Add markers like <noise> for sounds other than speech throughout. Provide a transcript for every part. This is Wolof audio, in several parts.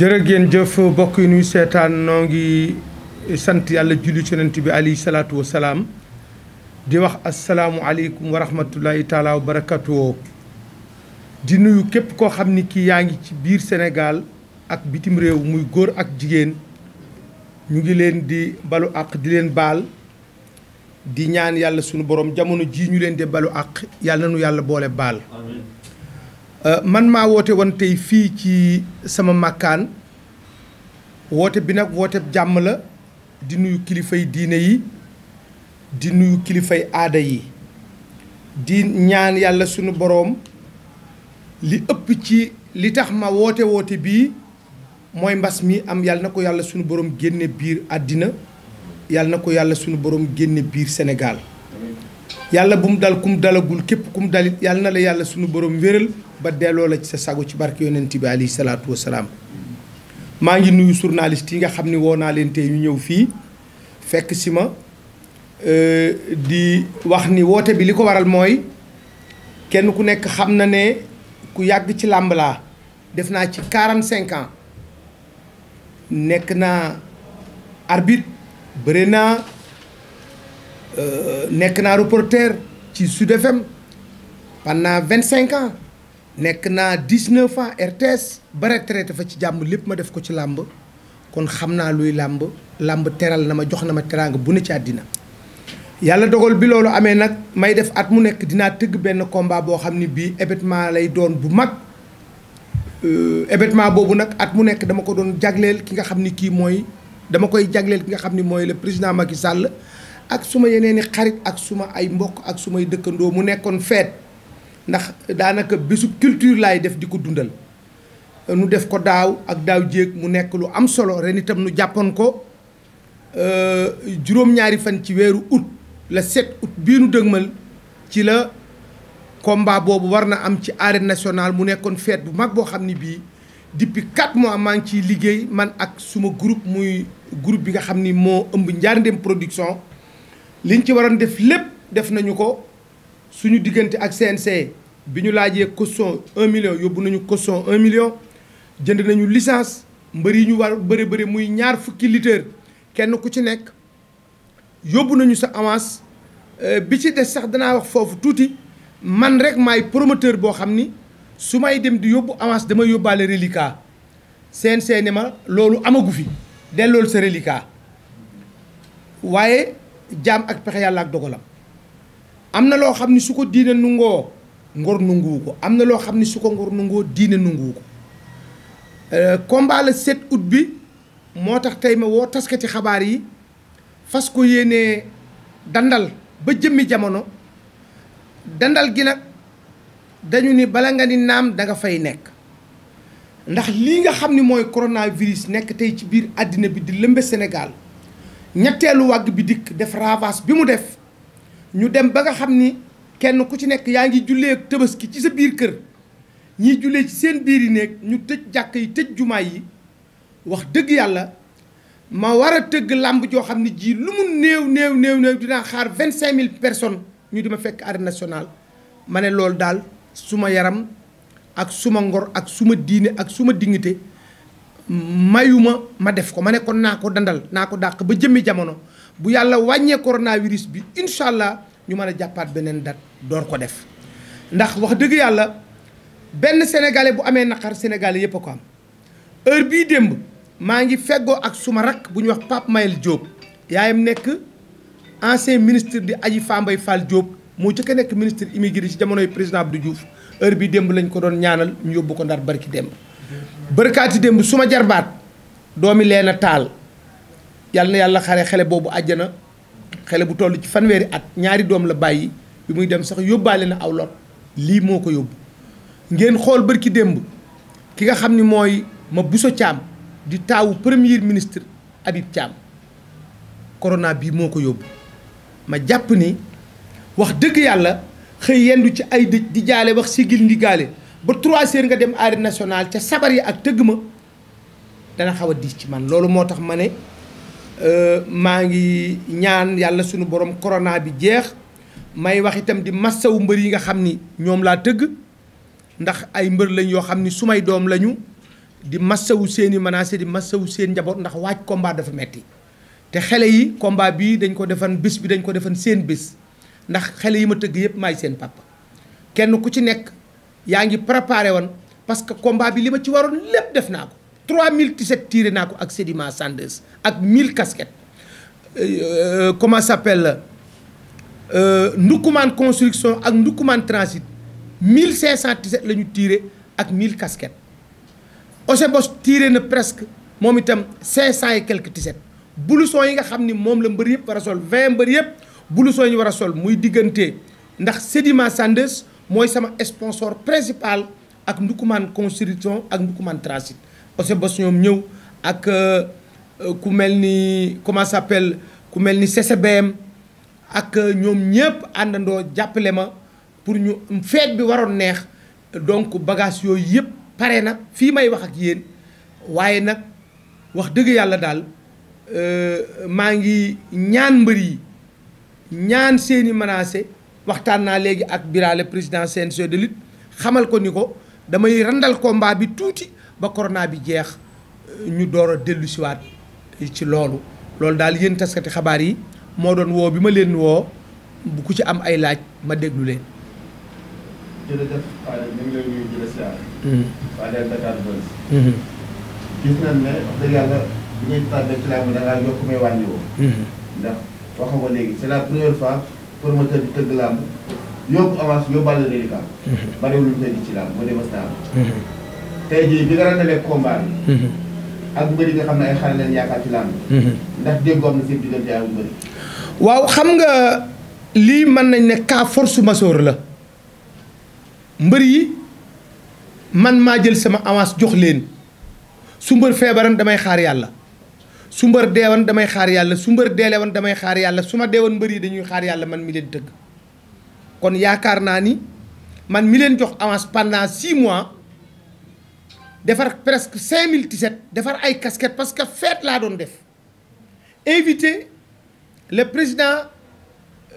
jërë ngeen jëf mbokk yi nuy seetaan noo ngi sant yàlla julli ci bi alayhi salaatu salaam di wax asalaamualeykum wa rahmatullahi taala wa woo di nuyu képp koo xam ni kii yaa ngi ci biir Sénégal ak bitim réew muy góor ak jigéen ñu ngi leen di balu àq di leen baal di ñaan yàlla sunu boroom jamono jii ñu leen di balu àq yàlla na nu yàlla boole baal. Euh, man maa woote woon tey fii ci sama màkkaan woote bi nag woote jàmm la di nuyu kilifay diine yi di nuyu kilifay aada yi di ñaan yàlla sunu boroom li ëpp ci li tax ma woote woote bii mooy mbas mi am yàlla na ko yàlla sunu boroom génne biir àddina yàlla na ko yàlla sunu boroom génne biir senegaal yàlla bu mu dal ku mu dalagul képp ku mu dalit yàlla na la yàlla sunu boroom wéral ba delloo la ci sa sago ci barke yonent bi alayhi salaatu wasalaam maa ngi nuyu journaliste yi nga xam ni woo naa leen tey ñu ñëw fii fekk si ma euh, di wax ni woote bi li ko waral mooy kenn ku nekk xam na ne ku yàgg ci làmb laa def naa ci 45 ans nekk naa arbitre bëre naa Euh, nekk naa reporter ci Sud FM pendant vingt cinq ans nekk naa dix neuf RTS ba retraité fa ci jàmm lépp ma def ko ci làmb kon xam naa luy làmb làmb teral na ma jox na ma teraanga bu ne ci àddina yàlla dogal bi loolu amee nag may def at mu nekk dinaa tëgg benn combat boo xam ni bii événement lay doon bu mag euh, événement boobu nag at mu nekk dama ko doon jagleel ki nga xam ni kii mooy dama koy jagleel ki nga xam ni mooy le président Macky Sall ak su suma yeneeni xarit ak suma ay mbokk ak su may dëkkandoo mu nekkoon feet ndax daanaka bésu culture laay def di ko dundal nu def ko daaw ak daaw jéeg mu nekk lu am solo ren itam nu jàppoon ko euh, juróom-ñaari fan ci weeru août la 7 août bii nu dëgmal ci la combat boobu war na am ci arène national mu nekkoon feet bu mag boo xam ni bii depuis 4 mois maa ngi ciy liggéey man ak suma groupe muy groupe bi nga xam ni moo ëmb Ndiarndem Production li liñ ci waroon def lépp def nañu ko suñu diggante ak CNC bi ñu laajee caution 1 million yóbbu nañu caution un million jënd nañu licence mbër yi ñu war bëri bëri muy ñaar fukki litre kenn ku ci nekk yóbbu nañu sa avance euh, bi ci des sax danaa wax foofu tuuti man rek may promoteur boo xam ni su may dem di yóbbu avance damay yóbbaale reliquat CNC ne ma loolu amagu fi dellool sa reliquat waaye jaam ak pexe yàlla ak dogalam am na loo xam ni su ko diine nungoo ngor nunguwu ko am na loo xam ni su ko ngor nungoo diine nunguwu ko euh, combat la 7 août bi moo tax tey ma woo taskati xabaar yi fas ko yéenee dandal ba jëmmi jamono dandal gi nag dañu ni bala nga ni naam da fay nekk ndax lii nga xam ni mooy coronavirus nekk tey ci biir àddina bi di lëmbe senegal ñetteelu wàgg bi dikk def ravage bi mu def ñu dem ba nga xam ni kenn ku ci nekk yaa ngi jullee ak ci sa biir kër ñiy jullee ci seen biir yi néeg ñu tëj jàkk yi tëj jumaa yi wax dëgg yàlla ma war a tëgg làmb joo xam ne ji lu mu néew néew néew néew dinaa xaar vingt cinq mille personnes ñu di ma fekk arène nationale ma ne loolu daal suma yaram ak suma ngor ak suma diine ak suma dignité mayuma ma def ko ma nekkoon naa ko dandal naa ko dàq ba jëmmi jamono bu yàlla wàññee coronavirus bi incha allah ñu mën a jàppaat beneen date door ko def ndax wax dëgg yàlla benn sénégalais bu amee naqar sénégalais yëpp ko am heure bii démb maa ngi feggoo ak suma rak bu ñuy wax Pape Mayel Diop yaayam nekk ancien ministre di Aji Fambaye Fall Diop moo jëkk a nekk ministre immigré ci jamonoy président Abdou Diouf heure bii démb lañ ko doon ñaanal ñu yóbbu ko ndar barki démb bërkaati démb su ma jarbaat doomi leen a taal yàlla na yàlla xare xale boobu àjjana xele bu toll ci fanweeri ak ñaari doom la bàyyi bi muy dem sax yóbbaale na aw lot lii moo ko yóbbu ngeen xool bërki démb ki nga xam ni mooy ma buso caam di taawu premier ministre Habib Thiam corona bii moo ko yóbbu ma jàpp ni wax dëgg yàlla xëy yendu ci ay dëj di jaale wax ndi ndigaale ba trois nga dem arène nationale ca sabar yi ak tëgg ma dana xaw a diis ci man loolu moo tax ma ne euh, maa ngi ñaan yàlla sunu borom corona bi jeex may wax itam di massawu mbër yi nga xam ni ñoom laa tëgg ndax ay mbër lañ yoo xam ni su may doom lañu di massawu seen manase menacé di massawu seen njaboot ndax waaj combat dafa metti te xele yi combat bii dañ ko defan bis bi dañ ko defan seen bis ndax xele yi ma tëgg yëpp maay seen papa kenn ku ci nekk. yaa ngi préparé woon parce que combat bi li ma ci waroon lépp def naa ko mille 3017 tiré naa ko ak sédiment sandeuse ak 1000 casquettes euh, euh, comment s'appelle euh, ndukkumaan construction ak ndukkumaan transit 1517 la ñu tiré ak 1000 casquettes Osebos tiré na presque moom itam 500 et quelques 17 blouson yi nga xam ni moom la mbër yëpp war a sol 20 mbër yëpp blouson yi ñu war a sol muy diggante ndax sédiment sandeuse mooy sama sponsor principal ak Ndoukoumane construction ak Ndoukoumane transit ose bos ñoom ñëw ak euh, euh, ku mel ni comment s'appelle ku mel ni CCBM ak euh, ñoom ñëpp àndandoo jàppale ma pour ñu feet bi waroon neex donc bagage yooyu yëpp pare na fii may wax ak yéen waaye nag wax dëgg yàlla daal maa ngi ñaan mbër yi ñaan seeni menacé waxtaan naa léegi ak Birale président CNG de lutte xamal ko ni ko damay randal combat bi tuuti ba corona bi jeex euh, ñu door a dellusiwaat ci loolu loolu daal yéen taskati xabaar yi moo doon woo bi ma leen woo bu ku ci am ay laaj ma déglu leen jërëjëf Fane hmm. hmm. yokk may wàññiwoo. Hmm. ndax wax léegi c'est la première fois. promoteur bi tëgg làmb yóbbu avance yóbbaale reliquat. Mhm. bariwul lu ñu koy ci làmb ba dem as naa tey jii bi nga mhm. ak mbëri nga xam ne ay xale leen yaakaar ci làmb. Mhm. ndax déggoo am na seen diggante ak mbëri. waaw xam nga lii man nañ ne cas force majeure la mbër yi man maa jël sama avance jox leen su mbër feebaram damay xaar yàlla. su mbër deewoon damay xaar yàlla su mbër deelewoon damay xaar yàlla su ma deewoon mbër yi dañuy xaar yàlla man mi leen tëgg kon yaakaar naa ni man mi leen jox avance pendant 6 mois defar presque 5000 tiset defar ay casquettes parce que feet laa doon def invité le président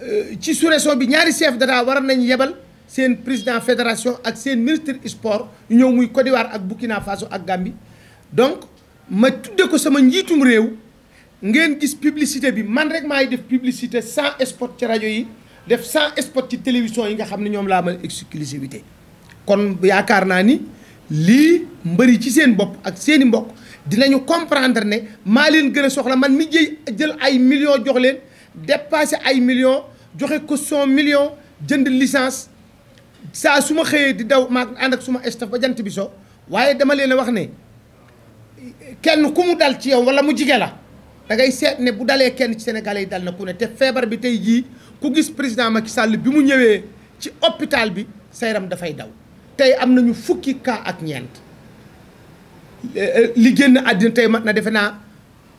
euh, ci sous bi ñaari chef d'État war nañ yebal seen président fédération ak seen ministre sport ñëw muy Côte ak Burkina Faso ak Gambie ma tudde ko sama njiitum réew ngeen gis publicité bi man rek maay def publicité sans spot ci rajo yi def sans spot ci télévision yi nga xam ne ñoom laa amal exclusivité kon yaakaar naa ni lii mbëri ci seen bopp ak seeni mbokk dinañu comprendre ne maa leen gën a soxla man mi jëy jël ay millions jox leen dépassé ay millions joxe ko cent million jënd licence saa su ma xëyee di daw maa ànd ak suma staff ba jant bi so waaye dama leen a wax ne kenn ku mu dal ci yow wala mu jigee la da ngay seet ne bu dalee kenn ci sénégalais yi dal na ku ne te feebar bi tey jii ku gis président Macky sàll bi mu ñëwee ci hôpital bi sa yaram dafay daw tey am nañu fukki cas ak ñeent li génn àddina tey mat na defe naa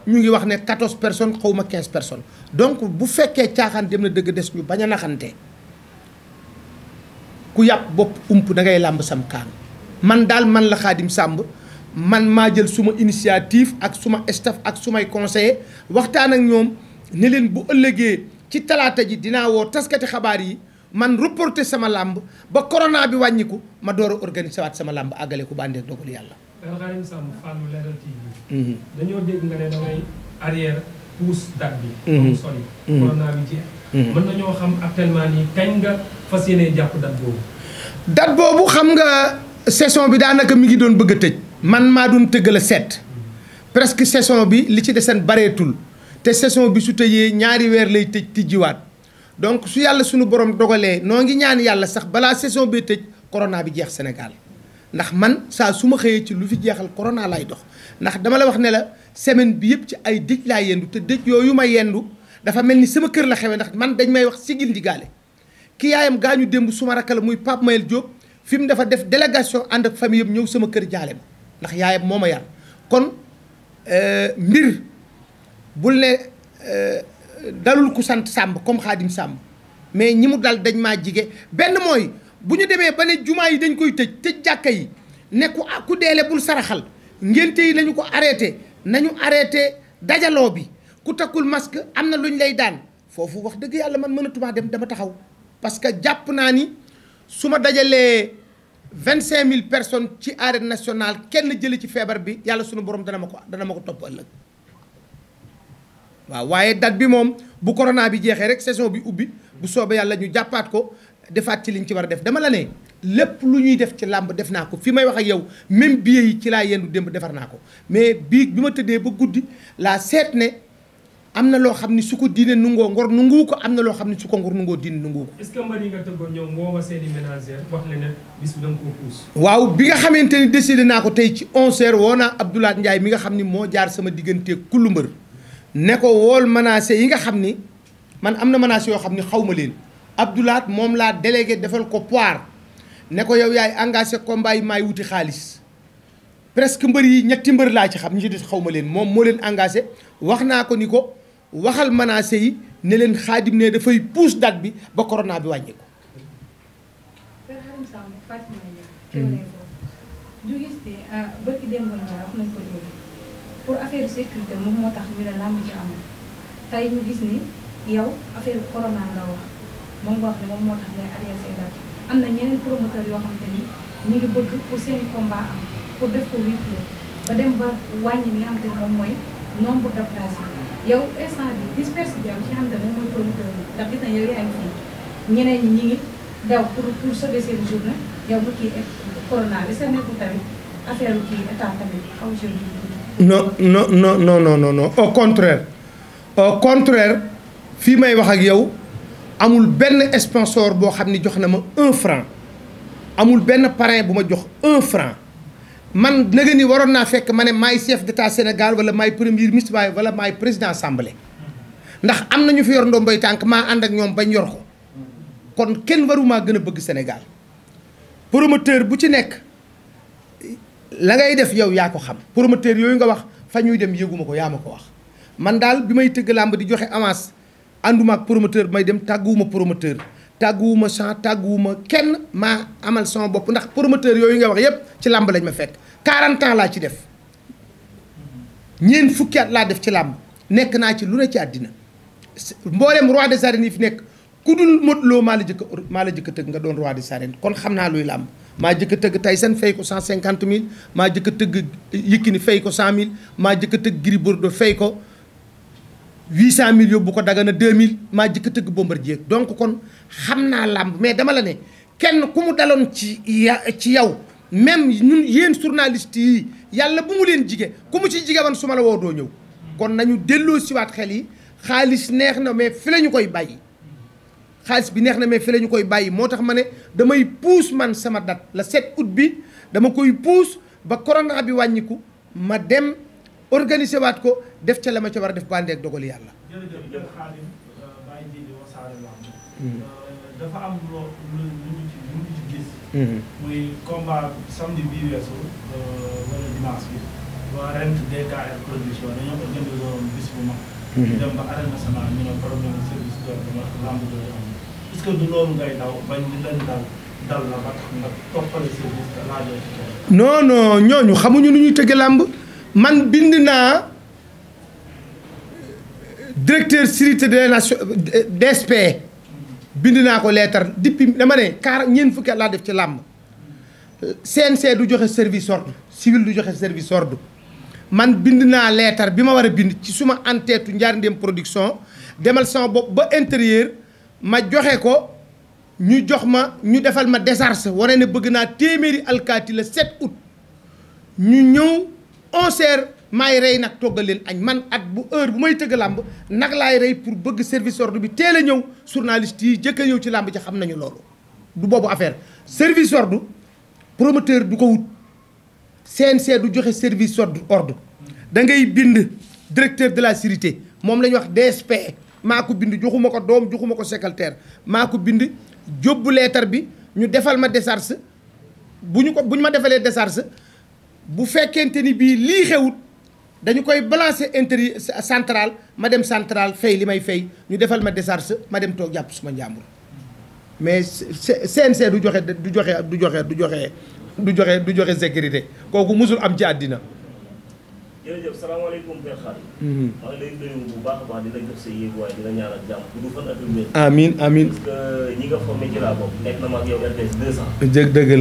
ñu ngi wax ne quatorze personnes xawma quinze personnes donc bu fekkee caaxaan dem na dëgg des ñu bañ a naxante ku yàpp bopp ump da ngay làmb sam kaan man daal man la Xaadim Sàmb man maa jël suma initiative ak suma staff ak sumay conseiller waxtaan ak ñoom ni leen bu ëllëgee ci talaata ji dinaa woo taskati xabaar yi man reporté sama làmb ba corona bi wàññiku ma door a organisé sama làmb àggale ko ba àndeek dogal yàlla. Abdourahim Samb Fallou mhm. mhm. mhm. xam actuellement nii kañ nga fas yéenee jàpp date boobu. date boobu xam nga saison bi daanaka mi ngi doon bëgg a tëj. man maa doon tëggal a seet presque saison bi li ci deseen bareetul te saison bi su tëjee ñaari weer lay tëj tijjiwaat donc su yàlla suñu borom dogalee noo ngi ñaan yàlla sax balaa saison bee tëj corona bi jeex Sénégal ndax man saa suma xëyee ci lu fi jeexal corona lay dox ndax dama la wax ne la semaine bi yëpp ci ay dëj laa yendu te dëj yooyu ma yendu dafa mel ni sama kër la xewee ndax man dañ may wax sigil ndigaale ki yaayam gaañu démb suma rakk la muy Pape fi mu dafa def délégation ànd ak famille ñëw sama kër jaale ma ndax yaayam moo ma yar kon euh, mbir bul ne euh, dalul ku sant sàmb comme xaadim sàmb mais ñi mu dal dañ maa jige benn mooy bu ñu demee ba ne jumaa yi dañ koy tëj tëj jàkka yi ne ku ku deele bul saraxal ngénte yi lañu ko arrêté nañu arrêté dajaloo bi ku takkul masque am na lu luñ lay daan foofu wax dëgg yàlla man mënatumaa dem dama taxaw parce que jàpp naa ni su ma dajalee vingt cinq mille personnes ci arène nationale kenn jële ci feebar bi yàlla suñu borom dana ma ko dana ma ko topp ëllëg waaw waaye date bi moom bu corona bi jeexee rek saison bi ubbi bu soobee yàlla ñu jàppaat ko defaat ci liñ ci war a def dama la ne lépp lu ñuy def ci làmb def naa ko fi may wax ak yow même billet yi ci laa yendu démb defar naa ko mais bii bi ma tëddee ba guddi laa seet ne. am na loo xam ni su ko diine nungoo ngor nungu ko am na loo xam ni su ko ngor nungoo diine nungu ko. est-ce que mbër ko waaw bi nga xamante ni décidé naa ko tey ci 11h woo naa Abdoulaye Ndiaye mi nga xam ni moo jaar sama digganteeg kullu mbër ne ko wool menacé yi nga xam ni man am na menacé yoo xam ni xaw ma leen Abdoulaye moom laa délégué defal ko poire ne ko yow yaay engagé combat yi wuti xaalis. presque mbër yi ñetti mbër laa ci xam ñi ci des xaw ma leen moom moo leen engagé wax naa ko ni ko. waxal menacé yi ne leen xaadim ne dafay puus date bi ba corona bi wàññi ko. ñu gis ne ah bëgg démb naa moom moo tax ñu ne làmb ji amul tey ñu gis ni yow affaire corona nga wax moom wax ne moom moo tax ngay arrière say am na ñeneen promoteur yoo xamante ni ñu ngi bëgg pour seen combat am pour def ko huit ba dem ba wàññi li nga xamante moom mooy nombre de places yow instant bi disperse bi au contraire au contraire fii may wax ak yow amul benn esponsor boo xam ne jox na ma un franc amul benn parrain bu ma jox un franc. man nag ni waroon naa fekk ma ne maay chef d'état Sénégal wala maay premier ministre waaye wala may président assemblée ndax am na ñu fi yor ndomboy tànk maa ànd ak ñoom bañ yor ko kon kenn warumaa gën a bëgg Sénégal promoteur bu ci nekk la ngay def yow yaa ko xam promoteur yooyu nga wax fa ñuy dem yëguma ko yaa ma ko wax man daal bi may tëgg làmb di joxe avance ànduma ak promoteur bi may dem tàgguwuma promoteur tàgguwuma champ tàgguwuma kenn maa amal sama bopp ndax promoteur yooyu nga wax yépp ci làmb lañ ma fekk 40 ans laa ci def ñeent fukki at laa def ci làmb nekk naa ci lu ne ci àddina mboolem roi des arènes yi fi nekk ku dul Modou maa la jëkk maa la jëkk a tëgg nga doon roi des arènes kon xam naa luy làmb maa jëkk a tëgg Tyson fay ko 150000 maa jëkk a tëgg ni fay ko cent 100000 maa jëkk a tëgg Gris Bordeaux fay ko 800 000 yóbbu ko Dagana 2000 maa jëkk a tëgg Bombardier donc kon xam naa làmb mais dama la ne kenn ku mu daloon ci ya ci yow même ñun yéen journaliste yi yàlla bu mu leen jige ku mu ci jige man su la woo doo ñëw kon nañu delloo siwaat xel yi xaalis neex na mais fi la ñu koy bàyyi xaalis bi neex na mais fi lañu koy bàyyi moo tax ma ne damay puus man sama date la 7 août bi dama koy puus ba corona bi wàññiku ma dem organiser waat ko def ca la ma ca war a def bàndeeg dogalu yàlla. jërëjëf Xaadim euh, Baye hmm. euh, dafa am loo lu ñu ci ci gis. Hmm. muy combat samedi bii weesu euh, wala dimanche bi hmm. dem ba arène nationale ñu ne problème service d'ordre la lamb doon am est-ce dal dal la ba nga toppale service laajoo ci non ñooñu xamuñu lu ñuy tëgg làmb man bind naa directeur sûreté des nations DSP bind naa ko leetar depuis dama ne kaar ñeent fukki laa def ci làmb CNC du joxe service ordre civil du joxe service sordu man bind naa leetar bi ma war a bind ci suma entête njaar ndéem production demal sama bopp ba intérieur ma joxe ko ñu jox ma ñu defal ma décharge wane ne bëgg naa téeméeri alkaati la 7 août ñu ñëw onze heures maay rey nag toggal leen añ man at bu heure bu may tëgg làmb nag laay rey pour bëgg service ordre bi teel a ñëw journaliste yi jëkk a ñëw ci làmb ci xam nañu loolu du boobu affaire service ordre promoteur du ko wut CNC du joxe service ordre ordre da ngay bind directeur de la sécurité moom la ñuy wax DSP maa ko bind joxuma ko doom joxuma ko secrétaire maa ko bind jóbbu leetar bi ñu defal ma décharge bu ñu ko bu ñu ma defalee décharge bu fekkente ni bii lii xewut dañu koy balancer interi centrale ma dem central fay li may fay ñu defal ma décharge ma dem toog jàpp suma njàmbur mais CNC du joxe du joxe du joxe du joxe du joxe du joxe sécurité kooku musul am ci àddina jërëjëf salaamaaleykum Père Khady. Mhm. maa bu baax a baax di sa yéeguwaay di la ñaanal jàmm gudd fan ak wér. amiin amiin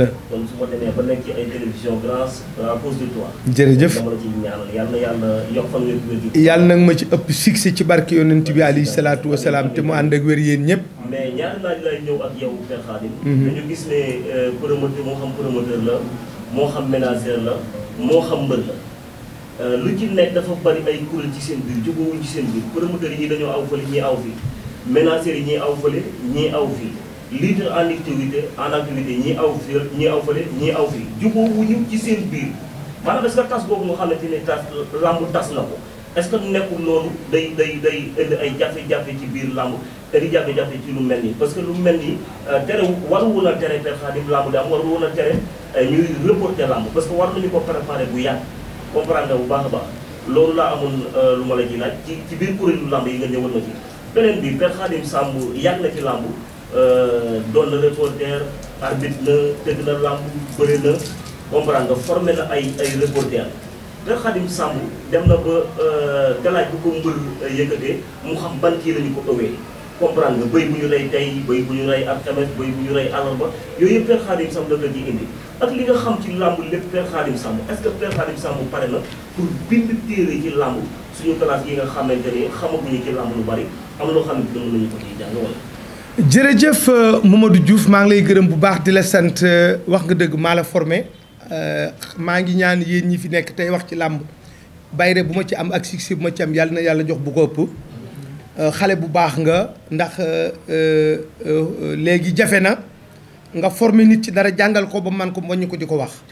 la. kon su ma demee nekk ci ay télévision grâce euh, à cause de toi. jërëjëf dama la ci ñaanal yal na yàlla yàlla nag ma ci ëpp succès ci barke yonent bi alayhi salaatu wa salaam te mu ànd ak wér yéen ñëpp. mais ñaari laaj lay ñëw ak yow Père Khady. Mhm. dañu gis ne euh, promoteur moo xam promoteur la moo xam ménagère la moo xam mbër la Euh, lu ci nekk dafa bari ay kuréel ci seen biir jubóowuñ ci seen biir promoteurs yi ñi dañoo aw fële ñii aw fii ménager yi ñii aw fële ñii aw fii leader en activité en activité ñii aw fii ñii aw fële ñii aw fii jubóowuñu ci seen biir maanaam est-ce que tas boobu nga xamante ne tas làmb tas na ko est-ce que nekkul noonu day day day indi ay jafe-jafe ci biir làmb indi jafe-jafe ci lu mel nii parce que lu mel nii euh, tere waru woon a tere per Xaadim làmb di am waru a tere euh, ñuy reporter làmb parce que war ñu ko préparer bu yàgg comprendre nga bu baax a baax loolu laa amoon euh, lu ma la ji laaj ci ci biir kuréelu làmb yi nga ñëwal ma ci beneen bi Père Khadim Samb yàgg na ci làmb euh, doon na reporter arbitre na tëgg na làmb bëri na comprendre nga formé na ay ay reporter Père Khadim Samb dem na ba euh, galaaj bu ko mbër yëkkatee mu xam ban kii ko ëwee comprendre nga béy bu ñu rey tey béy bu ñu rey alxames béy bu ñu rey àllarba yooyu yëpp Père Khadim Samb la ko ji ak li nga xam ci làmb lépp Père Khadim Samb est-ce que Père Khadim Samb pare na pour bind téere ci làmb suñu classe yi nga xamante ne xamaguñu ci làmb lu bari am loo xam ne dina nañu ko ciy jàng wala. jërëjëf euh, Mamadou maa ngi lay gërëm bu baax di la sant euh, wax nga dëgg maa la formé euh, maa ngi ñaan yéen ñi fi nekk tey wax ci làmb bayre bu ma ci am ak succès bu ma ci am na yàlla jox bu ko ëpp xale bu baax nga ndax léegi jafe na. nga former nit ci dara jàngal ko ba man ko bañ ko di ko wax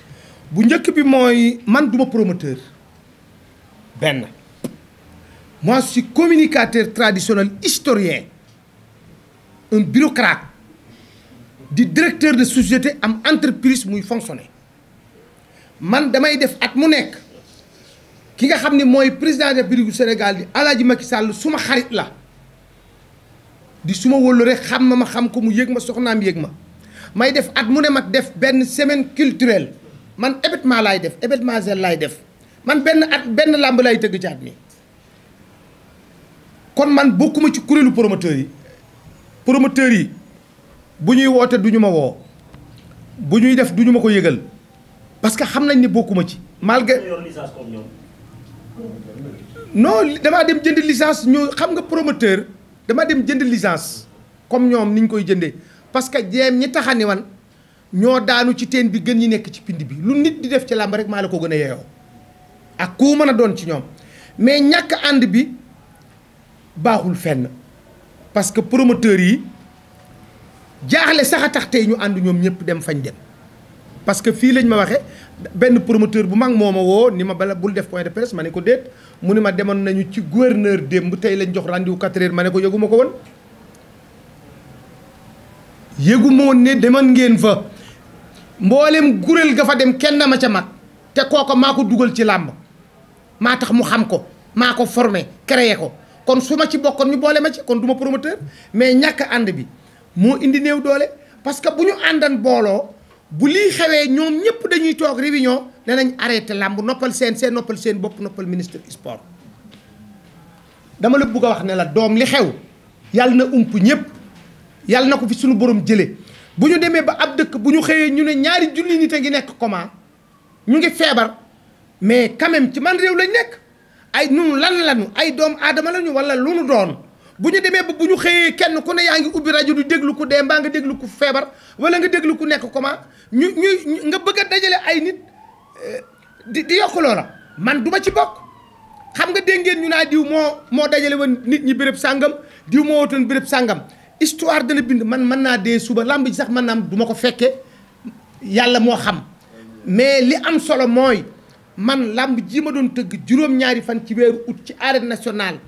bu njëkk bi mooy man duma promoteur benn moi je communicateur traditionnel historien un bureaucrate di directeur de société am entreprise muy fonctionner man damay def at mu nekk ki nga xam ne mooy président de la République du Sénégal di Alaaji Macky sàll suma xarit la di suma wóllëre xam ma ma xam ko mu yëg ma soxnaam yëg ma may def at mu ne mag def benn semaine culturelle man événement laay def événement zel laay def man benn at benn làmb laay tëgg ci at mi kon man bokkuma ci kuréelu promoteurs yi promoteurs yi bu ñuy woote du ñu ma woo bu ñuy def du ñu ma ko yëgal parce que xam nañ ne bokkuma ci malgré non damaa dem jënd licence ñu xam nga promoteur dama dem jënd licence comme ñoom ni koy jëndee parce que jéem ñi taxa ni wan ñoo daanu ci teen bi gën ñi nekk ci pind bi lu nit di def ci làmb rek maa la ko gën a yeyoo ak ku mën a doon ci ñoom mais ñàkk ànd bi baaxul fenn parce que promoteurs yi jaaxle sax a tax tey ñu ànd ñoom ñëpp dem fañ dem parce que fii lañ ma waxee benn promoteur bu mag moo ma woo ni ma bala bul def point de presse ma ne ko déet mu ne ma demoon nañu ci gouverneur démb tey lañ jox rendez-vous 4 ma ne ko yëgu ko woon yëgu moon ne deman ngeen fa mboolem kuréel ga fa dem kenn ma ca mag te kooko maa ko dugal ci làmb maa tax mu xam ko maa ko formé créé ko kon su ma ci bokkoon ñu boole ma ci kon du ma promoteur mais ñàkk ànd bi moo indi new doole parce que bu ñu àndan booloo bu lii xewee ñoom ñëpp dañuy toog réunion nañ arrêté làmb noppal seen seen noppal seen bopp noppal ministre sport dama la bugg a wax ne la doom li xew yàlla na ump ñëpp yàlla na ko fi suñu borom jële bu ñu demee ba ab dëkk bu ñu xëyee ñu ne ñaari junni nit a ngi nekk comment ñu ngi feebar mais quand ci man réew lañ nekk ay nunu lan lanu ay doom aadama lañu wala lu nu doon bu ñu demee ba bu ñu xëyee kenn ku ne yaa ngi ubbi rajo du déglu ku dee mbaa nga déglu ku feebar wala nga déglu ku nekk comment ñu ñu nga bëgg a dajale ay nit eh, di di yokk loola man duma ci bokk xam nga dégg ngeen ñu naa diw moo moo dajale woon nit ñi béréb sàngam diw moo wotoon sàngam histoire de bind man man naa dee suba làmb ji sax mën naa am du ma ko fekke yàlla moo xam mais li am solo mooy man làmb ji ma doon tëgg juróom-ñaari fan ci weeru août ci arène nationale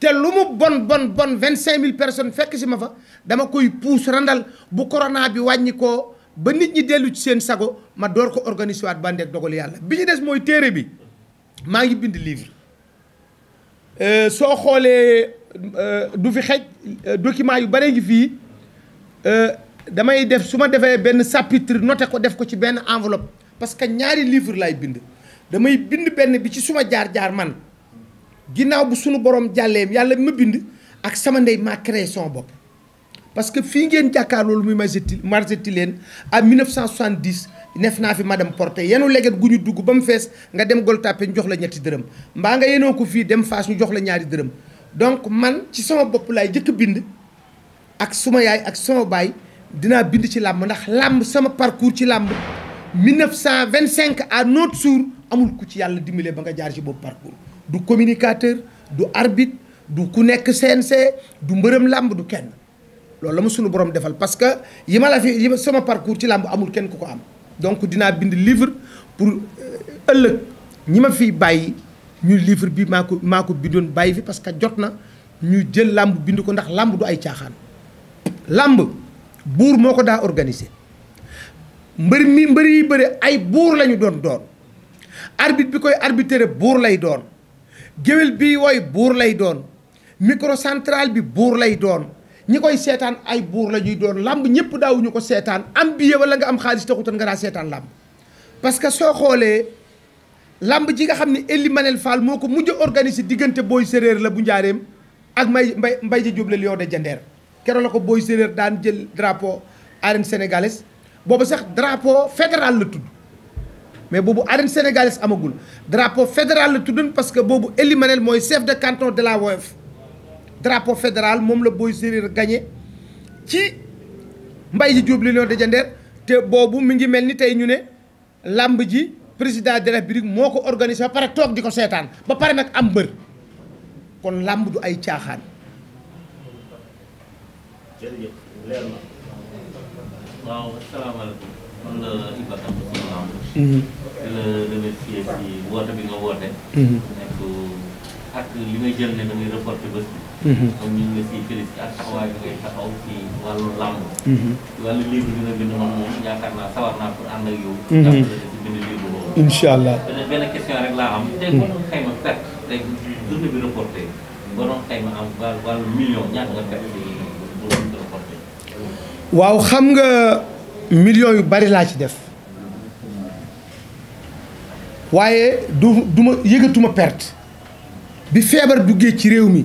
te lu mu bon bon bon vingt cinq mille personnes fekk si ma fa dama koy puus randal bu corona bi wàññi koo ba nit ñi dellu ci seen sago ma door ko organiser waat bandeek dogalu yàlla bi ñu des mooy téere bi maa ngi bind livre euh, soo xoolee Euh, du fi xej euh, document yu bare ngi fii euh, damay def su ma defee benn chapitre noté ko def ko ci benn enveloppe parce que ñaari livre laay bind damay bind benn bi ci suma jaar-jaar man ginnaaw bu sunu borom jàlleem yàlla ma bind ak sama ndey maa créé bopp parce que fii ngeen jàkkaar loolu muy margeti margeti leen à 1970 nef naa fi dem Porté yenu leget gu ñu dugg ba mu fees nga dem Gueule Tapée ñu jox la ñetti dërëm mbaa nga yenoo ko fii dem fas ñu jox la ñaari dërëm donc man ci sama bopp laay jëkk bind ak suma yaay ak sama baay dinaa bind ci làmb ndax làmb sama parcours ci làmb vingt cinq à notre jour amul ku ci yàlla dimbale ba nga jaar ci boobu parcours du communicateur du arbitre du ku nekk CNC du mbërëm làmb du kenn loolu la ma sunu borom defal parce que yi ma la fi yi sama parcours ci làmb amul kenn ku ko am donc dinaa bind livre pour euh, ëllëg ñi ma fi bàyyi ñu livre bi maa ko maa doon bindoon bàyyi fi parce que jot na ñu jël làmb bind ko ndax làmb du ay caaxaan. làmb buur moo ko daa organiser mbër mi mbër yi bëri ay buur lañu doon doon arbitre bi koy arbitrer buur lay doon géwél bi woy buur lay doon microcentral bi buur lay doon ñi koy seetaan ay buur la ñuy doon làmb ñëpp daawuñu ko seetaan am billet wala nga am xaalis taxutoon nga daa seetaan làmb parce soo xoolee. làmb ji nga xam ne Elie Manel moo ko mujj organisé diggante booy séréer la bu njaareem ak may mbay mbay ja jubla lion de jandeer keroog la ko booy séréer daan jël drapo arène sénégalaise boobu sax drapo fédéral la tudd mais boobu arène sénégalaise amagul drapeau fédéral la tuddoon parce que boobu Elie mooy chef de canton de la woyof drapeau fédéral moom la booy séréer gagné ci mbay ji jubla lion de jandeer te boobu mi ngi mel ni tey ñu ne làmb ji président de la République moo ko organise ba pare toog di ko seetaan ba pare nag am mbër kon làmb du ay caaxaan. Euh, mhm. woote bi nga woote. Mhm. ak li may jël ne da ngay reporté bés bi. Mhm. kon làmb. wàllu livre bi nga bind man moom yaakaar naa sawar naa pour ànd ak yow. jàppale ci bind incha waaw xam nga million yu bari laa ci def waaye du du ma yëgatuma perte bi feebar duggee ci réew mi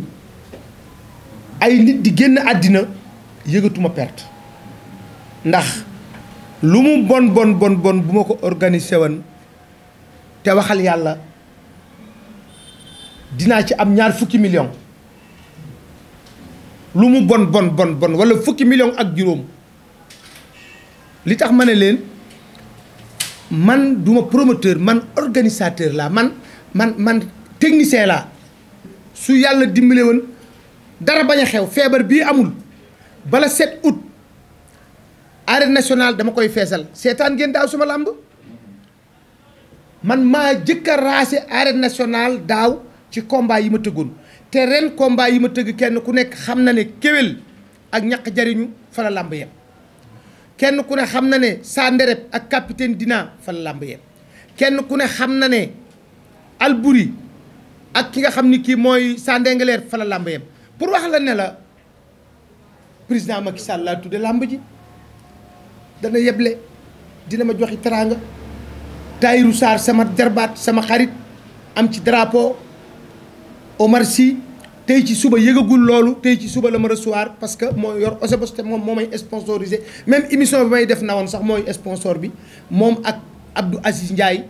ay nit di génn àddina yëgatuma perte ndax lu mu bon bon bon bon bu ma ko organisé woon. te waxal yàlla dinaa ci am ñaar fukki million lu mu bon bon bon bon wala fukki million ak juróom li tax ma ne leen man duma promoteur man organisateur laa man man man technicien laa su yàlla dimbale woon dara bañ a xew feebar bii amul bala 7 août arène nationale dama koy feesal seetaan ngeen daaw suma làmb man maa jëkk a raase arène nationale daaw ci combat yi ma tëggoon te ren combat yi ma tëgg kenn ku nekk xam na ne kéwél ak ñaq jariñu fa la làmb yem kenn ku ne xam na ne sandereb ak capitaine dina fa la kenn ku ne xam na ne alburi ak ki nga xam ni kii mooy sandengaleer fa la làmb yem pour wax la ne la président Macky Sall laa tudde làmb ji dana yeble dina ma joxi teraanga Tahirou Sarr sama jarbaat sama xarit am ci drapeau Omar Sy tey ci suba yëgagul loolu tey ci suba la ma recevoir parce que mooy yor Osebos te moom moo may sponsorisé même émission bi may def na woon sax mooy sponsor bi moom ak Abdou Aziz Ndiaye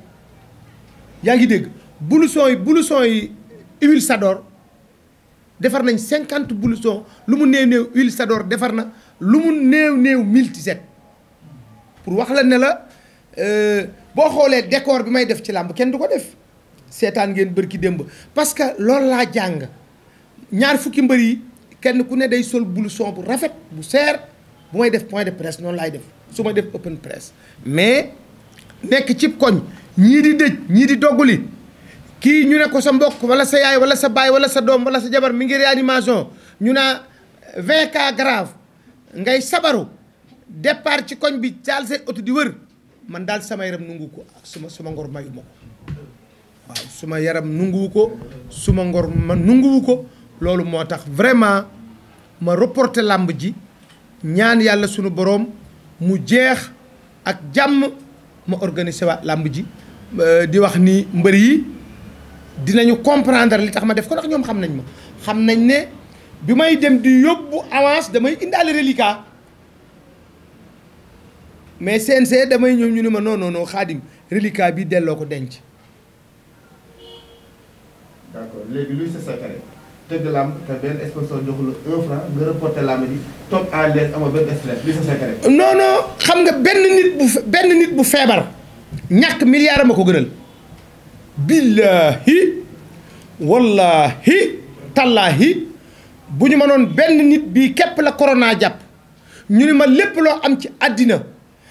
yaa ngi dégg blouson yi blouson yi huile Sador defar nañ cinquante blouson lu mu néew néew huile Sador defar na lu mu néew néew mille tiset pour wax la ne la euh, boo xoolee décor bi may def ci làmb kenn du ko def seetaan ngeen bërki démb parce que loolu laa jàng ñaar fukki mbër yi kenn ku ne day sol blouson bu rafet bu seer bu may def point de presse noonu laay def su ma def open presse mais nekk cib koñ ñii di dëj ñii di li kii ñu ne ko sa mbokk wala sa yaay wala sa baay wala sa doom wala sa jabar mi ngi réanimation ñu naa vingt cas grave ngay sabaru départ ci koñ bi taal seen oto di wër man daal sama yaram nungu ko ak suma suma ngor mayu ma ko waaw suma yaram nunguwu ko suma ngor ma nunguwu ko loolu moo tax vraiment ma reporté làmb ji ñaan yàlla suñu boroom mu jeex ak jàmm ma organisé waat làmb ji euh, di wax ni mbër yi dinañu comprendre li tax ma def ko ndax ñoom xam nañ ma xam nañ ne bi may dem di yóbbu avance damay indi indaale reliquat mais CNG damay ñëw ñu ne ma non non xaadim reliquat bi delloo ko denc. léegi luy sa secret tëgg xam nga benn nit bu benn nit bu feebar ñàkk milliard ma ko gënal. billahi wallahi tallahi bu ñu mënoon benn nit bii képp la corona jàpp ñu ni ma lépp loo am ci àddina.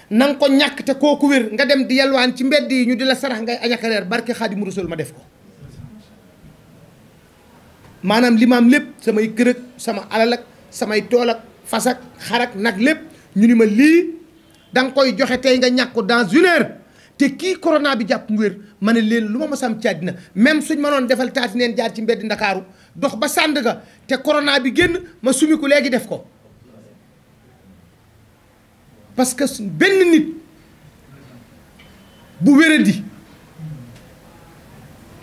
na ko ñàkk te kooku wér nga dem di yalwaan ci mbedd yi ñu di la sarax ngay añaka reer barke xaadimu rasul ma def ko maanaam li ma am lépp samay kër sama alal ak samay tool ak fas ak xar ak nag lépp ñu ni ma lii da koy joxe tey nga ñàkk ko dans une te kii corona bi jàpp mu wér ma ne leen lu ma mos a am ci àddina même suñ ma noon defal taati neen jaar ci mbedd ndakaaru dox ba sànd ga te corona bi génn ma sumiku léegi def ko parce que benn nit bu wéradi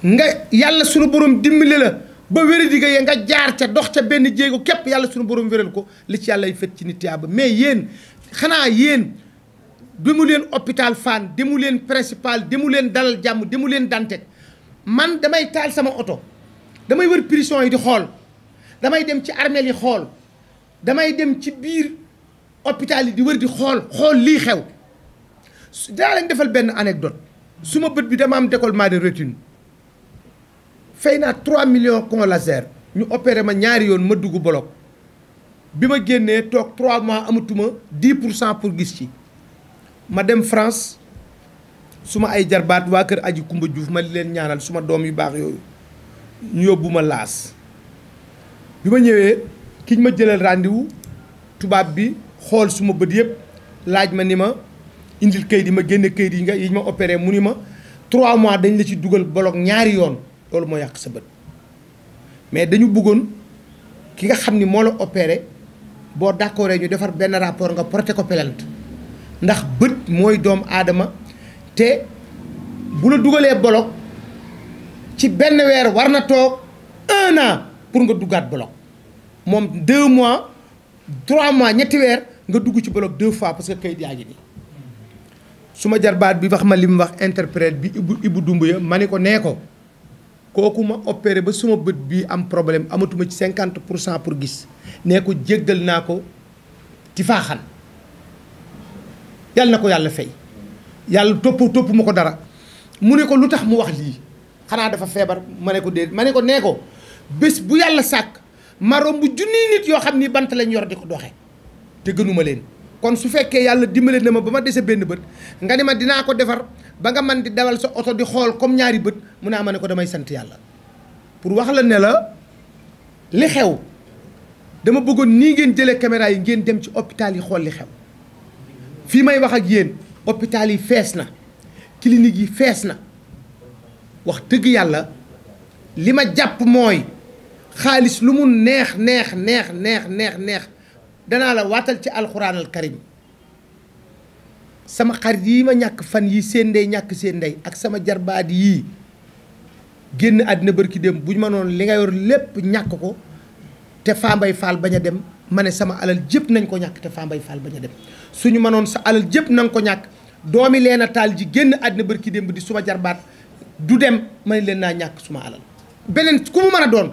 nga yàlla sunu borom dimbali la ba wéradi ga ya nga jaar ca dox ca benn jéego képp yàlla sunu borom wéral ko li ci yàlla fet ci nit yaaba mais yéen xanaa yéen demu leen hôpital Fann demu leen principal demu leen dalal jàmm demu leen Dantec man damay taal sama oto damay wër prison yi di xool damay dem ci armeel yi xool damay dem ci biir hôpital yi di wër di xool xool lii xew daa lañ defal benn anecdote su ma bët bi dama am décollement de rétine fay naa 3 millions con laser ñu opéré ma ñaari yoon ma dugg bloc bi ma génnee toog 3 mois amatuma 10 pour cent pour gis ci ma dem France su ma ay jarbaat waa kër aji Kumba Diouf ma leen ñaanal suma doom yu baax yooyu ñu yóbbu laas bi ma ñëwee kiñ ma jëlal rendez tubaab bi. xool suma bët yëpp laaj ma ni ma indil kayit yi ma génne kayit yi nga yi ma opéré mu ni ma trois mois dañ la ci dugal bolog ñaari yoon loolu moo yàq sa bët mais dañu bëggoon ki nga xam ni moo la opéré boo d'accord ñu defar benn rapport nga porté ko ndax bët mooy doom aadama te bu la dugalee bolog ci benn weer war na toog un an pour nga duggaat bolog moom deux mois trois mois ñetti weer nga dugg ci bloc deux fois parce que kayit yaa ngi nii su ma jarbaat bi wax ma li mu wax interprète bi Ibou Ibou Doumbouya ma ne ko nee ko kooku ma opéré ba suma bët bi am problème amatuma ci cinquante pour cent pour gis nee ko jéggal naa ko ci faaxan yàlla na ko yàlla fay yàlla topp topp ma ko dara mu ne ko lu tax mu wax lii xanaa dafa feebar ma ne ko déet ma ne ko nee ko bés bu yàlla sàkk marom bu junniy nit yoo xam ni bant lañ yor di ko doxe te gënuma leen kon su fekkee yàlla dimbale na ma ba ma desee benn bët nga ni ma dinaa ko defar ba nga man di dawal sa oto di xool comme ñaari bët mu naa ah, ma ne ko damay sant yàlla pour wax la ne la li xew dama bëggoon nii ngeen jëlee caméra yi ngeen dem ci hôpital yi xool li xew fii may wax ak yéen hôpital yi fees na clinique yi fees na wax dëgg yàlla li ma jàpp mooy xaalis lu mu neex neex neex neex neex neex danaa la waatal ci alxuraanal karim sama xarit yi ma ñàkk fan yi seen ndey ñàkk seen ndey ak sama jarbaat yii génn àddina bërki dem bu ñu ma noonu li nga yor lépp ñàkk ko te Fambaye Fall bañ a dem ma ne sama alal jëpp nañ ko ñàkk te Fambaye Fall bañ a dem suñu mënoon sa alal jëpp na ko ñàkk doomi leen a taal ji génn àddina bërki dem di suma jarbaat du dem ma ne leen naa ñàkk suma alal beneen ku mu mën a doon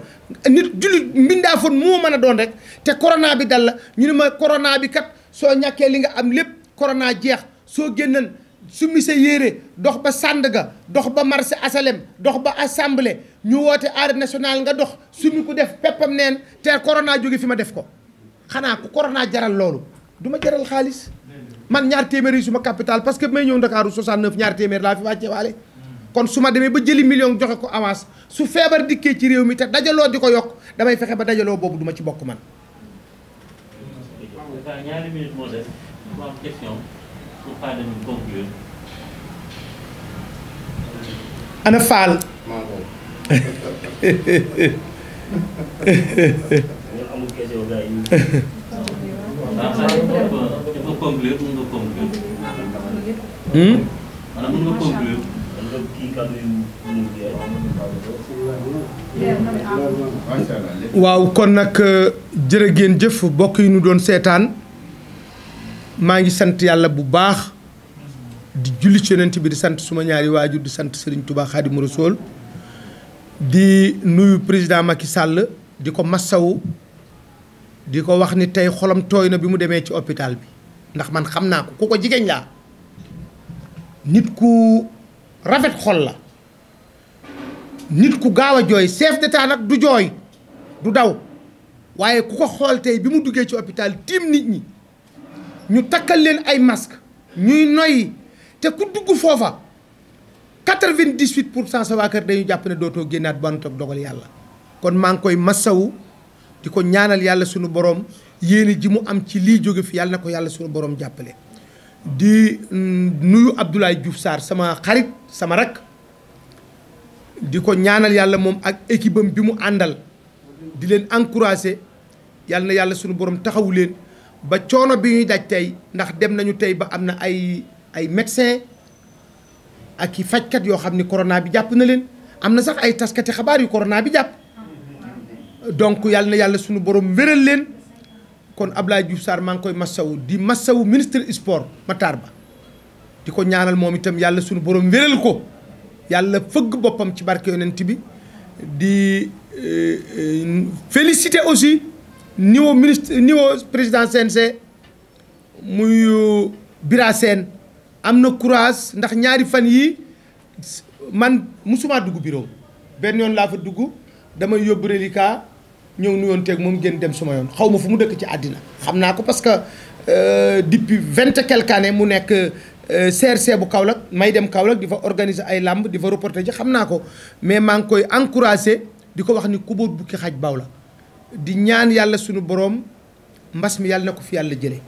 nit jullit mbindaafoon mu mën a doon rek te corona bi dal la ñu ne ma corona bi kat soo ñàkkee li nga am lépp corona jeex soo génnan summi sa yére dox ba Sandaga dox ba marché asalem dox ba assemblée ñu woote arène nationale nga dox summi ku def peppam neen te corona jóge fi ma def ko xanaa ku corona jaral loolu du ma jaral xaalis man ñaar téeméer yi suma capital parce may ñëw Ndakaaru 69 ñaar téeméer laa fi wàcce kon su ma demee ba jëli million joxe ko avance su feebar dikkee ci réew mi te dajaloo di ko yokk damay fexe ba dajaloo boobu duma ci bokk man. ana Fall. <laughs> Hmm? waaw kon nag euh, jërë ngeen jëf bokk yi nu doon seetaan maa ngi sant yàlla bu baax di julli ci yonent bi di sant suma ñaari waajur di sant Serigne Touba Khadimu Rasool di nuyu président Macky sàll di ko massawu di ko wax ni tey xolam tooy na bi mu demee ci hôpital bi ndax man xam naa ko ku ko jigéen laa nit ku rafet xol la nit ku gaaw a jooy chef d'état nag du jooy du daw waaye ku ko xool tey bi mu duggee ci hôpital tiim nit ñi ñu takkal leen ay masque ñuy noyyi te ku dugg foofa quatre-vingt-dix-huit pour cent sa waa kër dañu jàpp ne dootoo génnaat ba toog dogal yàlla kon maa ngi koy massawu di ko ñaanal yàlla sunu boroom yéene ji mu am ci lii jóge fi yàlla na ko yàlla suñu boroom jàppale di mm, nuyu Abdoulaye Diouf saar sama xarit sama rak di ko ñaanal yàlla moom ak équipe bi mu àndal di leen encouragé yàlla na yàlla suñu borom taxawu leen ba coono bi ñuy daj tey ndax dem nañu tey ba am na ay ay médecin ak i fajkat yoo xam ni corona bi jàpp na leen am na sax ay taskati xabaar yu corona bi jàpp donc yàlla na yàlla suñu borom wéral leen kon Abdoulaye Diouf Sarr maa ngi koy massawu di massawu ministre sport Matar Ba di ko ñaanal moom itam yàlla suñu borom wéral ko yàlla fëgg boppam ci barke yonent bi di euh, euh, féliciter aussi niveau ministre niveau président CNG muy euh, Bira Sène am na courage ndax ñaari fan yi man musuma dugg bureau benn yoon laa fa dugg damay yóbbu reliquat ñëw nuyoon teeg moom gën dem suma yoon xaw ma fu mu dëkk ci àddina xam naa ko parce que depuis vingt et mu nekk CRC euh, bu Kaolack may dem Kaolack di fa organiser ay làmb di fa reporter ji xam naa ko mais maa ngi koy encourager di ko wax ni ku bóot bukki xaj baaw la di ñaan yàlla sunu boroom mbas mi yàlla ko fi yàlla jële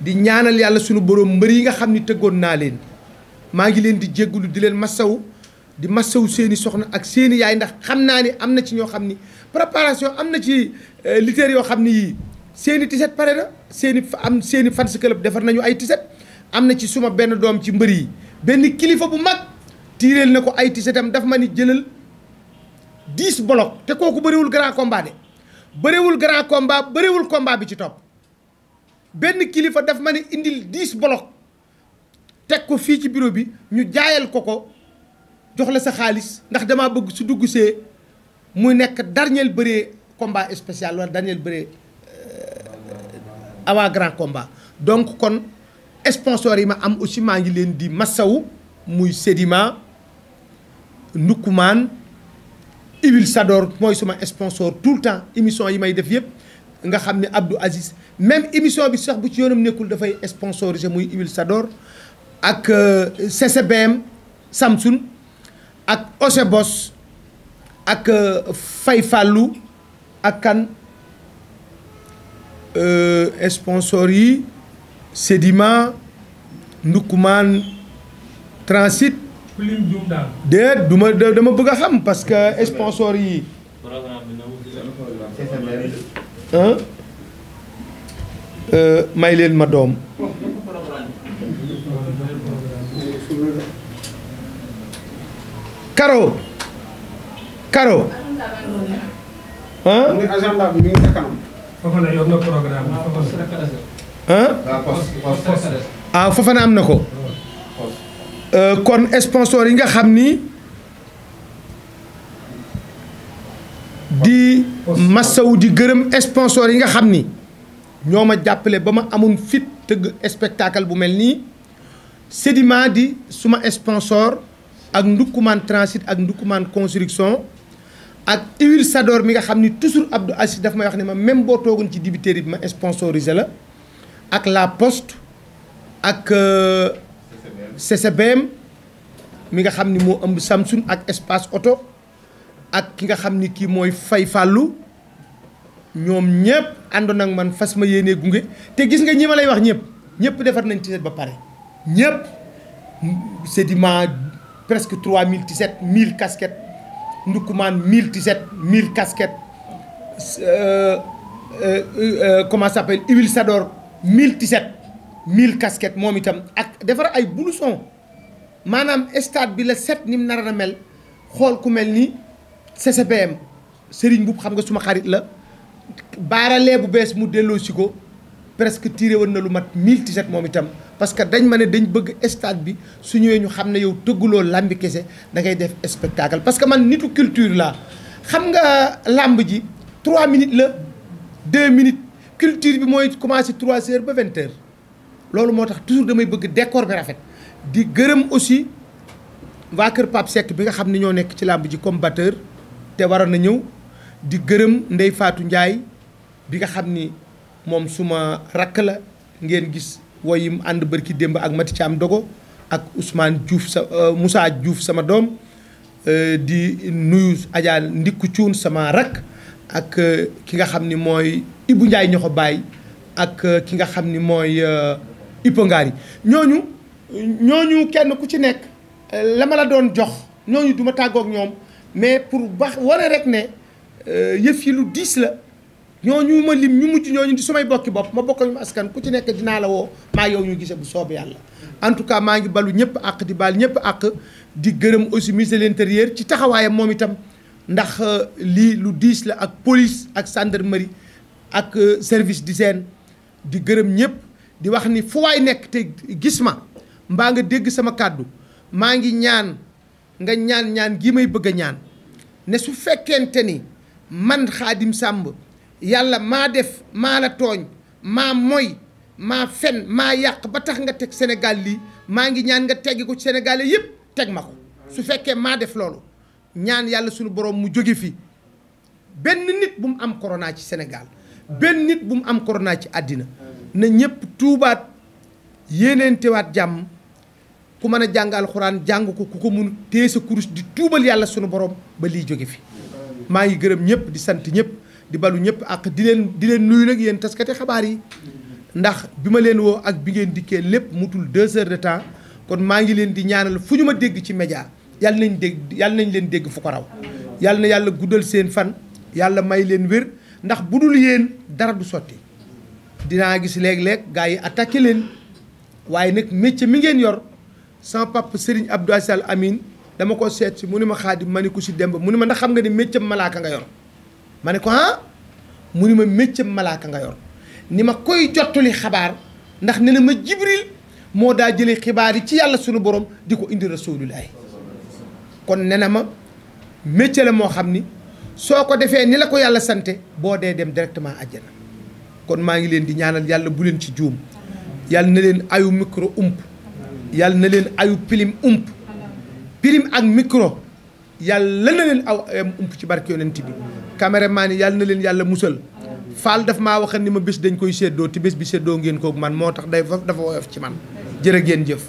di ñaanal yàlla sunu boroom mbër yi nga xam ni tëggoon naa leen maa ngi leen di jéggulu di leen massawu di massawu seeni soxna ak seeni yaay ndax xam naa ni am na ci ñoo xam ni préparation am na ci euh, lutteurs yoo xam ni yii seeni tiset pare na seeni am seeni fans club defar nañu ay tiset am na ci suma benn doom ci mbër yi benn kilifa bu mag tiireel ne ko ay tisetam daf ma ni jëlal dix bloc te kooku bëriwul grand combat de bëriwul grand combat bëriwul combat bi ci topp benn kilifa daf ma ne indil dix bloc teg ko fii ci bureau bi ñu jaayal ko ko jox la sa xaalis ndax damaa bëgg su dugg see muy nekk dernier bëree combat spécial wala dernier bëree euh, avant grand combat donc kon sponsor yi ma am aussi maa ngi leen di massawu muy Sedima Ndoukoumane Ibil Sador mooy suma sponsor tout le temps émission yi may def yëpp nga xam ne Abdou Aziz même émission bi sax bu ci yoonam nekkul dafay sponsorisé muy Ibil Sador ak euh, CCBM Samsung ak Ocebos ak euh, Fay Fallou ak kan euh, sponsor yi sédiment ndukkumaan transit. déet du ma dama bëgg a xam parce que sponsor yi. Euh, may leen ma doom. Karo. Karo. ah. foofu la yor na programme bi ah, ah Fofana am na ko euh, kon sponsor yi nga xam ni di massawu di gërëm sponsor yi nga xam ni ñoo ma jàppale ba ma amoon fit tëgg espectacle bu mel nii Sedima di su ma esponsor ak ndukkumaan transit ak ndukkumaan construction ak huile Sador mi nga xam ni toujours Abdou Assis daf may wax ne ma même boo toogoon ci dibiteri bi ma sponsorisé la ak La post ak euh, CCBM mi nga xam ni moo ëmb Samsung ak espace auto ak ki nga xam ni kii mooy Fay Fàllu ñoom ñëpp àndoon ak man fas ma yéenee gunge te gis nga ñi ma lay wax ñëpp ñëpp defar nañ tiset ba pare ñëpp sédiment presque 3000 tiset 1000 casquettes ndukumaan 1000 tiset 1000 casquettes euh, euh, comment ça s'appelle huile Sador mille tiset mille casquettes moom itam ak defar ay blouson maanaam stade bi la set ni mu nar a mel xool ku mel ni CCPM Serigne Mboup xam nga suma xarit la baaralee bu bees mu delloo si ko presque tiré woon na lu mat mille moom itam parce que dañ ma ne dañ bëgg stade bi su ñëwee ñu xam ne yow tëgguloo làmbi kese da ngay def spectacle parce que man nitu culture laa xam nga làmb ji trois minutes la deux minutes culture bi mooy commencé trois heures ba 20 loolu moo tax toujours damay bëgg décor bi rafet di gërëm aussi waa Kër Pape Seck bi nga xam ne ñoo nekk ci làmb ji comme batteur te waroon na ñëw di gërëm Ndey Faatu Njaay bi nga xam ni moom suma rakk la ngeen gis woyim ànd bërki démb ak Mati am Dogo ak Ousmane Diouf sa euh, Moussa Diouf sama doom euh, di nuyu Adja Ndikku Cuun sama rakk ak euh, ki nga xam ni mooy Ibou Ndiaye ñoxo ko bàyyi ak euh, ki nga xam ni mooy euh, Ipongaar yi ñooñu ñooñu kenn ku ci nekk euh, la ma la doon jox ñooñu duma tàggook ñoom mais pour wax wane rek ne yëf yi lu diis la ñooñu ma lim ñu mujj ñooñu di sumay bokki bopp ma bokk askan ku ci nekk dinaa la woo maa yow ñu gise bu soobee yàlla en tout cas maa ngi balu ñëpp àq di baal ñëpp ak di gërëm aussi ministre de l'intérieur ci taxawaayam moom itam ndax lii lu diis la ak police ak gendarmerie ak euh, service d'hygiène di gërëm ñëpp di wax ni fu waay nekk te gis ma mbaa nga dégg sama kàddu maa ngi ñaan nga ñaan ñaan gii may bëgg a ñaan ne su fekkente ni man Xaadim Sàmb yàlla maa def maa la tooñ maa moy maa fen maa yàq ba tax nga teg Sénégal lii maa ngi ñaan nga teggi ko ci Sénégal yëpp teg ma ko su fekkee maa def loolu ñaan yàlla sunu borom mu jóge fi benn nit bu mu am corona ci Sénégal benn nit bu mu am corona ci àddina na ñëpp tuubaat tewaat jàmm ku mën a jàng alxuraan jàng ko ku ko mun tée sa kurus di tuubal yàlla sunu borom ba lii jóge fi maa ngi gërëm ñëpp di sant ñëpp di balu ñëpp ak di leen di leen nuyu nag yéen taskati xabaar yi ndax bi ma leen woo ak bi ngeen dikkee lépp mutul deux heures de temps kon maa ngi leen di ñaanal fu ñu ma dégg ci média yàlla nañ dégg yàlla nañ leen dégg fu ko raw yàlla na yàlla guddal seen fan yàlla may leen wér ndax bu dul yéen dara du sotti dinaa gis léeg-léeg gars yi attaqué leen waaye nag métier mi ngeen yor sama papa Serigne ab Aziz Al Amin dama ko seet si mu ne ma xaadim ma ne ko si demb mu ne ma ndax xam nga ni métier malaaka nga yor ma ne ko ah mu ma métier malaaka nga yor ni ma koy jottali xabaar ndax ne na ma Jibril moo daa jëlee xibaar yi ci yàlla sunu borom di ko indi rasulullahi kon ne na ma métier la moo xam ni. soo ko defee ni la ko yàlla sante boo dee dem directement àjjana kon maa ngi leen di ñaanal yàlla bu leen ci juum yàlla na leen ayu micro ump yàlla na leen ayu pilim ump pilim ak micro yàlla na leen aw ayam ump ci barke yonent bi caméraman yi yàlla na leen yàlla musal faal daf maa waxal ni ma bés dañ koy seddoo te bi seddoo ngeen kook man moo tax day dafa woyof ci man jërë ngeen jëf